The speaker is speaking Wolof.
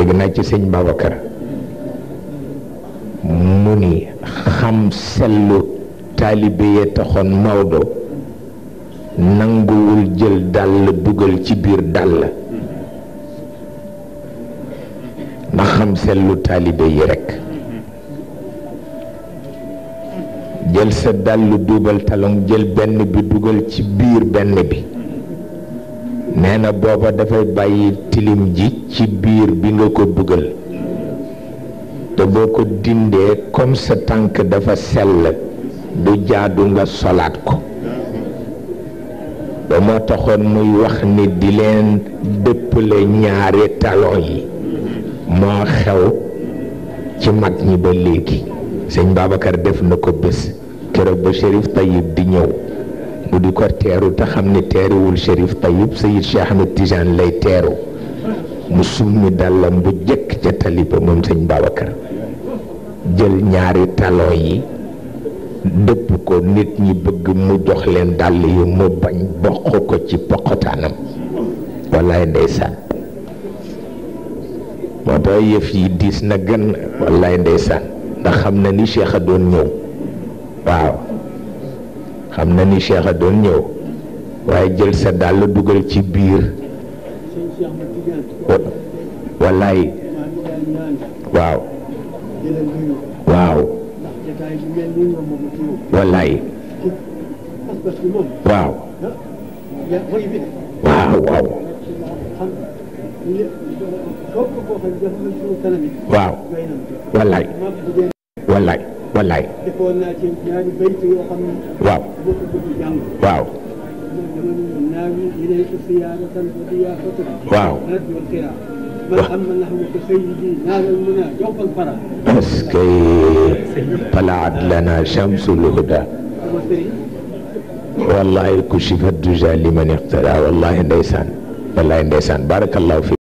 dégg naa ci sëñ Babacar mu ni xam sellu taalibe yee taxoon Maodo nanguwul jël dàll dugal ci biir dàll ndax xam sellu taalibe yi rekk jël sa dàll duubal talon jël benn bi dugal ci biir benn bi nee na booba dafay bàyyi tilim ji ci biir bi nga ko dugal te boo ko dindee comme sa tànk dafa sell du jaadu nga solaat ko ba moo taxoon muy wax ni di leen dëppale ñaari talon yi moo xew ci mag ñi ba léegi sëñ Babacar def na ko bés keroog ba Chérif Tayib di ñëw mu di ko teeru te xam ne teeruwul Chérif Tayyib Sayid Cheikh Ahmed Tijaan lay teeru mu summi dàllam bu jëkk ca taliba moom sëñ Babacar jël ñaari talon yi dëpp ko nit ñi bëgg mu jox leen dàll yi mu bañ bokk ko ci poqotaanam wallaay ndeysaan moo tax yëf yi diis na gën wallaay ndeysaan ndax xam na ni Cheikh a doon ñëw waaw xam na ni Cheikh a doon ñëw waaye jël sa dàll dugal ci biir wallaay waaw waaw wallaay waaw waaw waaw waaw wallaay wallaay wallaay waaw waaw waaw اسكي طلعت لنا شمس الهدى والله كشف الدجى لمن اقتدى والله نيسان والله نيسان بارك الله فيك